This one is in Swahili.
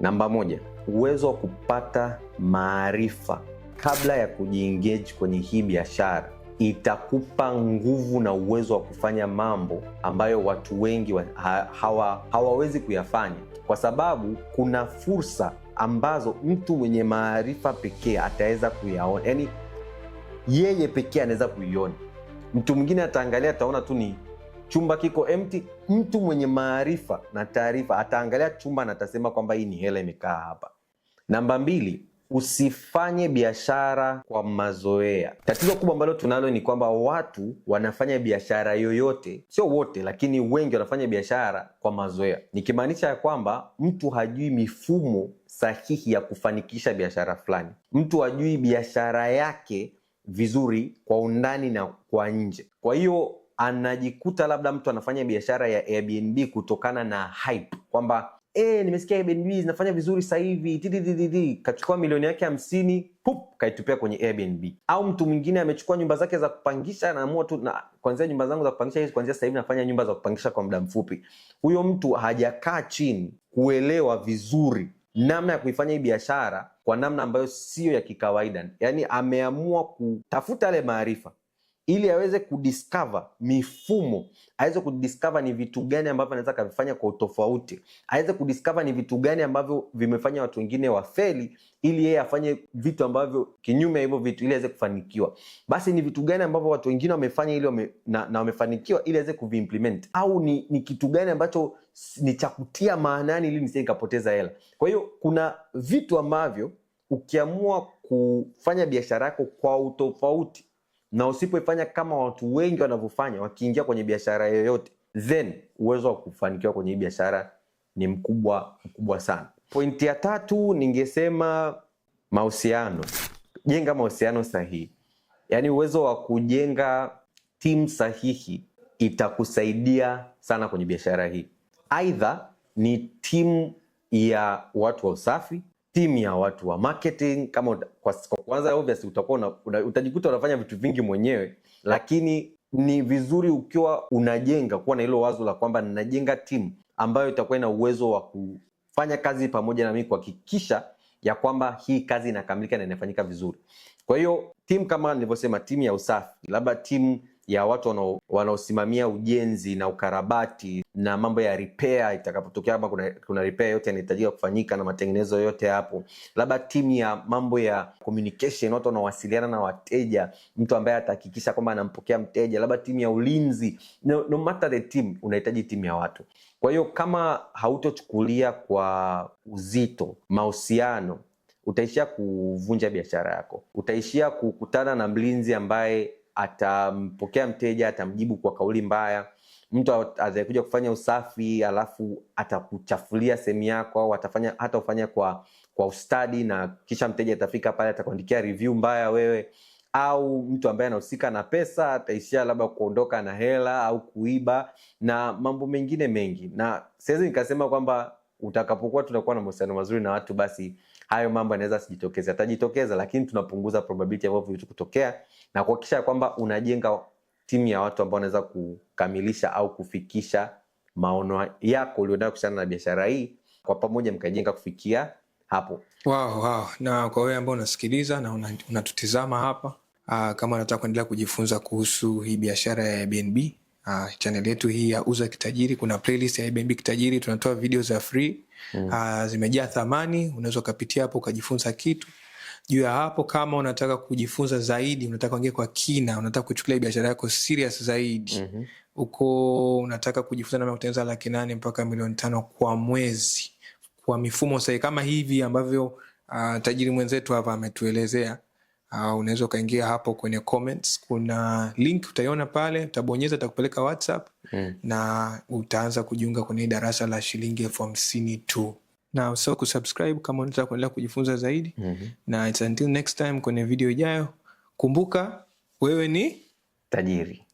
Namba moja, uwezo wa kupata maarifa kabla ya kujiengage kwenye hii biashara itakupa nguvu na uwezo wa kufanya mambo ambayo watu wengi wa, ha, hawa, hawawezi kuyafanya kwa sababu kuna fursa ambazo mtu mwenye maarifa pekee ataweza kuyaona, yani yeye pekee anaweza kuiona. Mtu mwingine ataangalia, ataona tu ni chumba kiko empty. Mtu mwenye maarifa na taarifa ataangalia chumba na atasema kwamba hii ni hela imekaa hapa. Namba mbili, usifanye biashara kwa mazoea. Tatizo kubwa ambalo tunalo ni kwamba watu wanafanya biashara yoyote, sio wote, lakini wengi wanafanya biashara kwa mazoea, nikimaanisha ya kwamba mtu hajui mifumo sahihi ya kufanikisha biashara fulani. Mtu hajui biashara yake vizuri kwa undani na kwa nje. Kwa hiyo anajikuta labda mtu anafanya biashara ya Airbnb kutokana na hype kwamba e, nimesikia Airbnb zinafanya vizuri sasa hivi, kachukua milioni yake hamsini pup kaitupia kwenye Airbnb. Au mtu mwingine amechukua nyumba zake za kupangisha, anaamua tu na kuanzia nyumba zangu za kupangisha hizi, kuanzia sasa hivi nafanya nyumba za kupangisha kwa muda mfupi. Huyo mtu hajakaa chini kuelewa vizuri namna ya kuifanya hii biashara kwa namna ambayo siyo ya kikawaida, yaani ameamua kutafuta yale maarifa ili aweze kudiscover mifumo, aweze kudiscover ni vitu gani ambavyo anaweza akavifanya kwa utofauti, aweze kudiscover ni vitu gani ambavyo vimefanya watu wengine wafeli, ili yeye afanye vitu ambavyo kinyume ya hivyo vitu, ili aweze kufanikiwa. Basi ni vitu gani ambavyo watu wengine wamefanya ili wame, na, na wamefanikiwa, ili aweze kuviimplement, au ni, ni kitu gani ambacho ni cha kutia maanani, ili nisije nikapoteza hela. Kwa hiyo kuna vitu ambavyo ukiamua kufanya biashara yako kwa utofauti na usipoifanya kama watu wengi wanavyofanya wakiingia kwenye biashara yoyote, then uwezo wa kufanikiwa kwenye hii biashara ni mkubwa mkubwa sana. Pointi ya tatu ningesema mahusiano, jenga mahusiano sahihi. Yaani uwezo wa kujenga timu sahihi itakusaidia sana kwenye biashara hii. Aidha ni timu ya watu wa usafi timu ya watu wa marketing kama kwa, kwa kwanza obviously utakuwa una, utajikuta unafanya vitu vingi mwenyewe, lakini ni vizuri ukiwa unajenga kuwa na hilo wazo la kwamba ninajenga timu ambayo itakuwa ina uwezo wa kufanya kazi pamoja na mimi kuhakikisha ya kwamba hii kazi inakamilika na inafanyika vizuri. Kwa hiyo timu kama nilivyosema, timu ya usafi, labda timu ya watu wanaosimamia ujenzi na ukarabati na mambo ya repair itakapotokea kama kuna, kuna repair yote yanahitajika kufanyika na matengenezo yote hapo, labda timu ya mambo ya communication, watu wanaowasiliana na wateja, mtu ambaye atahakikisha kwamba anampokea mteja, labda timu ya ulinzi. No, no matter the team, unahitaji timu ya watu. Kwa hiyo kama hautochukulia kwa uzito mahusiano, utaishia kuvunja biashara yako, utaishia kukutana na mlinzi ambaye atampokea mteja, atamjibu kwa kauli mbaya. Mtu atakayekuja kufanya usafi alafu atakuchafulia sehemu yako au atafanya hata ufanya kwa kwa ustadi, na kisha mteja atafika pale atakuandikia review mbaya wewe au mtu ambaye anahusika na pesa ataishia labda kuondoka na hela au kuiba na mambo mengine mengi, na siwezi nikasema kwamba utakapokuwa tunakuwa na mahusiano mazuri na watu, basi hayo mambo yanaweza sijitokeze, atajitokeza, lakini tunapunguza probability ya vitu kutokea na kuhakikisha kwamba unajenga timu ya watu ambao wanaweza kukamilisha au kufikisha maono yako ulionayo kuhusiana na biashara hii, kwa pamoja mkajenga kufikia hapo. Wow, wow. Na kwa wewe ambao unasikiliza na unatutizama una hapa, aa, ah, kama unataka kuendelea kujifunza kuhusu hii biashara ya Airbnb Uh, channel yetu hii ya Uza Kitajiri kuna playlist ya Airbnb Kitajiri, tunatoa video za free mm. Uh, zimejaa thamani, unaweza ukapitia hapo ukajifunza kitu juu ya hapo. Kama unataka kujifunza zaidi, unataka kuingia kwa kina, unataka kuchukulia biashara yako serious zaidi mm -hmm. Uko unataka kujifunza namna kutengeneza laki nane mpaka milioni tano kwa mwezi kwa mifumo sahihi kama hivi ambavyo uh, tajiri mwenzetu hapa ametuelezea Uh, unaweza ukaingia hapo kwenye comments, kuna link utaiona pale, utabonyeza utakupeleka WhatsApp mm. na utaanza kujiunga kwenye darasa la shilingi elfu hamsini tu na usao kusubscribe kama unataka kuendelea kujifunza zaidi mm -hmm. na it's until next time kwenye video ijayo. Kumbuka wewe ni tajiri.